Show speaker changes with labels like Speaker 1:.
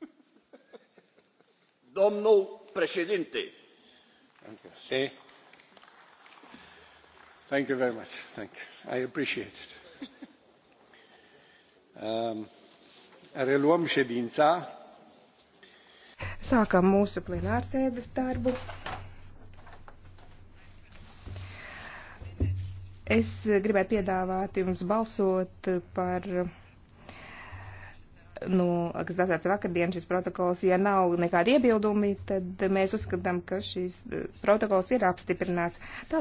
Speaker 1: Domnul președinte.
Speaker 2: Thank you. See? Thank you very much. Thank you. I appreciate it. Um,
Speaker 3: reluăm ședința.
Speaker 4: Sākam mūsu
Speaker 5: plenārsēdes darbu. Es gribētu piedāvāt jums balsot par nu, kas datēts vakardien šis protokols, ja nav nekādi iebildumi, tad mēs uzskatām, ka šis eh, protokols ir apstiprināts. Tā